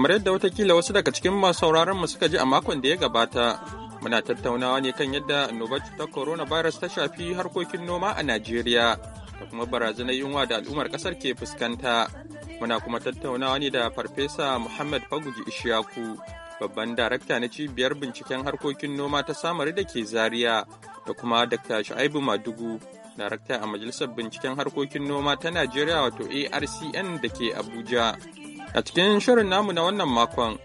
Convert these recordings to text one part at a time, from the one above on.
kamar yadda watakila wasu daga cikin masu mu suka ji a makon da ya gabata muna tattaunawa ne kan yadda annobar cutar coronavirus ta shafi harkokin noma a najeriya da kuma barazanar yunwa da al'ummar kasar ke fuskanta muna kuma tattaunawa ne da farfesa muhammad faguji ishaku babban darakta na cibiyar binciken harkokin noma ta samari da ke zaria da kuma dr shu'aibu madugu darakta a majalisar binciken harkokin noma ta najeriya wato arcn da ke abuja A cikin shirin namu na wannan makon,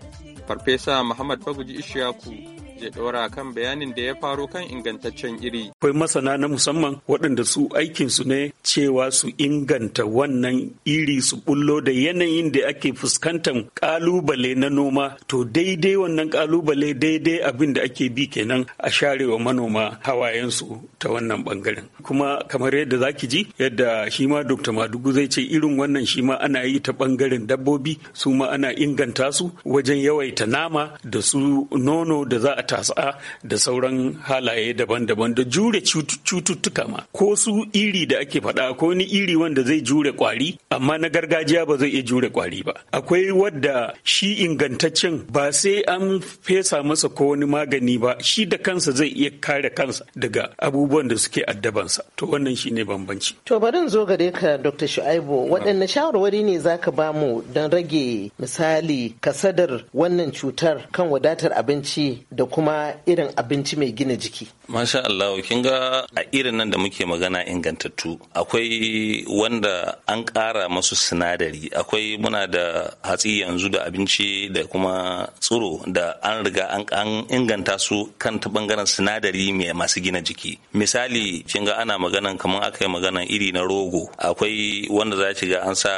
Farfesa Muhammad Baguji Ishaku ke ɗora kan bayanin da ya faru kan ingantaccen iri. Akwai masana na musamman waɗanda su aikinsu ne cewa su inganta wannan iri su bullo da yanayin da ake fuskantar ƙalubale na noma to daidai wannan ƙalubale daidai abin da ake bi kenan a sharewa manoma hawayensu ta wannan bangaren. Kuma kamar yadda zaki ji yadda shi ma Dr. Madugu zai ce irin wannan shi ma ana yi ta bangaren dabbobi su ma ana inganta su wajen yawaita nama da su nono da za a matasa da sauran halaye daban-daban da jure cututtuka ma ko su iri da ake faɗa ko ni iri wanda zai jure kwari amma na gargajiya ba zai iya jure kwari ba akwai wadda shi ingantaccen ba sai an fesa masa ko wani magani ba shi da kansa zai iya kare kansa daga abubuwan da suke addabansa to wannan shine bambanci to bari zo gare ka dr shu'aibu waɗanne shawarwari ne zaka ba mu don rage misali kasadar wannan cutar kan wadatar abinci da kuma irin abinci mai gina jiki. Masha Allah, kin ga a irin nan da muke magana ingantattu akwai wanda an ƙara masu sinadari akwai muna da hatsi yanzu da abinci da kuma tsiro da an riga an inganta su kan ta bangaren sinadari mai masu gina jiki. Misali, kin ga ana magana kamar aka yi maganan iri na rogo akwai wanda za ki ga an sa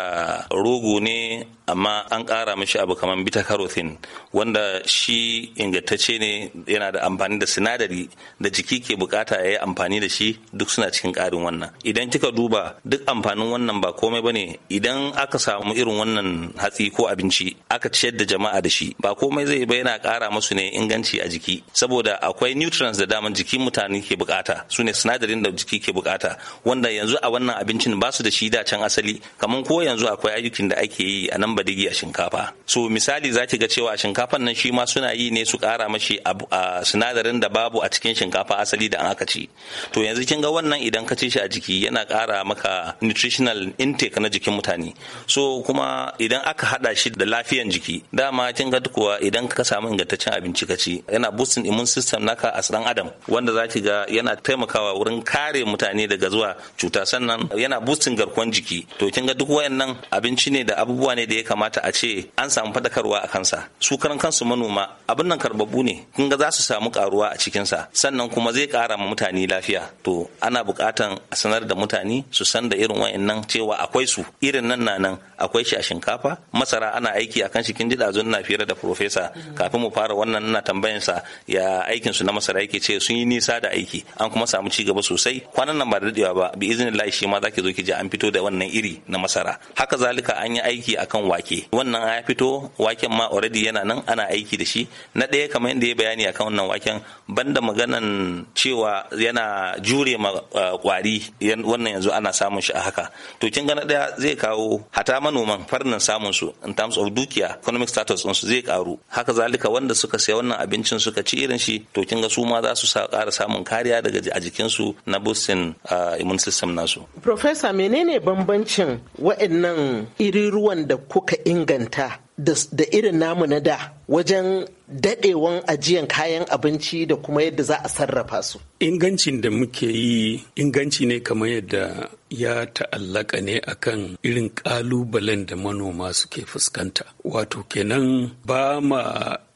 rogo ne amma an ƙara mishi abu kamar bita carotene wanda shi ingantacce ne yana da amfani da sinadari da jiki ke bukata ya yi amfani da shi duk suna cikin ƙarin wannan idan kika duba duk amfanin wannan ba komai bane idan aka samu irin wannan hatsi ko abinci aka ciyar da jama'a da shi ba komai zai ba yana ƙara musu ne inganci a jiki saboda akwai nutrients da daman jikin mutane ke bukata su ne sinadarin da jiki ke bukata wanda yanzu a wannan abincin ba su da shi da can asali kamar ko yanzu akwai ayyukan da ake yi a nan badigi a shinkafa so misali zaki ga cewa shinkafan nan shi ma suna yi ne su ƙara mashi a sinadarin da babu a cikin shinkafa asali da an aka ci to yanzu kin ga wannan idan ka ci shi a jiki yana kara maka nutritional intake na jikin mutane so kuma idan aka hada shi da lafiyan jiki dama kin ga kuwa idan ka samu ingantaccen abinci ka ci yana boosting immune system naka a adam wanda za ki ga yana taimakawa wurin kare mutane daga zuwa cuta sannan yana boosting garkuwan jiki to kin ga duk wayannan abinci ne da abubuwa ne da ya kamata a ce an samu fadakarwa a kansa su karan kansu manoma abin nan karbabbu ne kin ga za su samu karuwa a cikinsa sannan kuma zai kara ma mutane lafiya to ana bukatan a sanar da mutane su san da irin wayannan cewa akwai su irin nan na nan akwai shi a shinkafa masara ana aiki akan shi kin ji da na fira da profesa kafin mu fara wannan ina tambayan sa ya aikin su na masara yake ce sun yi nisa da aiki an kuma samu ci gaba sosai kwanan nan ba da dadewa ba bi iznillahi shi ma zaki zo ki ji an fito da wannan iri na masara haka zalika an yi aiki akan wake wannan ya fito waken ma already yana nan ana aiki da shi na ɗaya kamar yadda ya bayani bayani akan wannan waken banda maganan cewa yana jure ma eh, kwari wannan yanzu ana samun shi a haka to kin gana daya zai kawo hata manoman farnin samun su in terms of dukiya economic status din su zai karu haka zalika wanda suka sayi wannan abincin suka ci irin shi to kin ga su ma za su kara samun kariya daga a jikin su na boosting eh, immune system nasu professor menene bambancin wa'annan iriruwan da kuka inganta da irin namu na da wajen dadewan ajiyan kayan abinci da kuma yadda za a sarrafa su. Ingancin da muke yi inganci ne kamar yadda ya ta'allaka ne akan irin kalubalen da manoma suke fuskanta. Wato kenan ba ma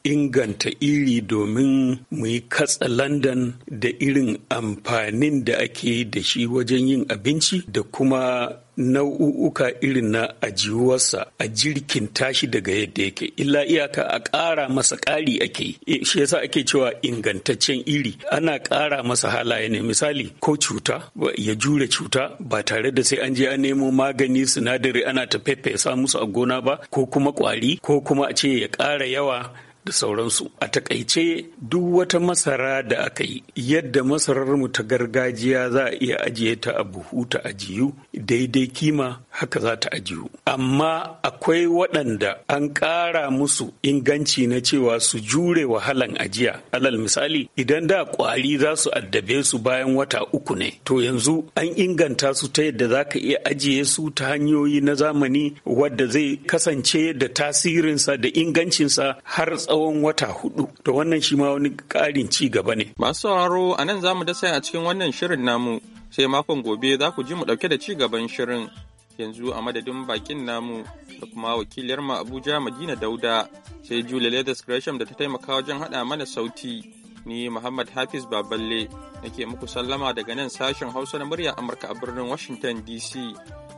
inganta iri domin mu yi katsa Landan da irin amfanin da ake da shi wajen yin abinci da kuma nau'uka irin na ajiyuwarsa a jirkin tashi daga yadda yake illa iyaka a ƙara masa ƙari ake eh, shi yasa ake cewa ingantaccen iri ana ƙara masa halaye ne misali ko cuta ya jure cuta ba tare da sai an je an nemo magani sinadari ana ta fefesa musu a gona ba ko kuma ƙwari ko kuma a ce ya ƙara yawa da sauransu. A takaice duk wata masara da aka yi yadda masararmu ta gargajiya za a iya ajiye ta a buhu ta ajiyu daidai kima haka za ta ajiyu. Amma akwai waɗanda an ƙara musu inganci na cewa su jure wahalan ajiya. Alal misali idan da ƙwari za su addabe su bayan wata uku ne. To yanzu an inganta su ta yadda za ka iya ajiye su ta hanyoyi na zamani wadda zai kasance da tasirinsa da ingancinsa har tsawon wata hudu to wannan shi ma wani ƙarin ci gaba ne masu sauraro a nan zamu dasa a cikin wannan shirin namu sai makon gobe za ku ji mu dauke da ci gaban shirin yanzu a madadin bakin namu da kuma wakiliyar mu Abuja Madina Dauda sai Julia Leather Gresham da ta taimaka wajen hada mana sauti ni Muhammad Hafiz Baballe nake muku sallama daga nan sashen Hausa na murya Amurka a birnin Washington DC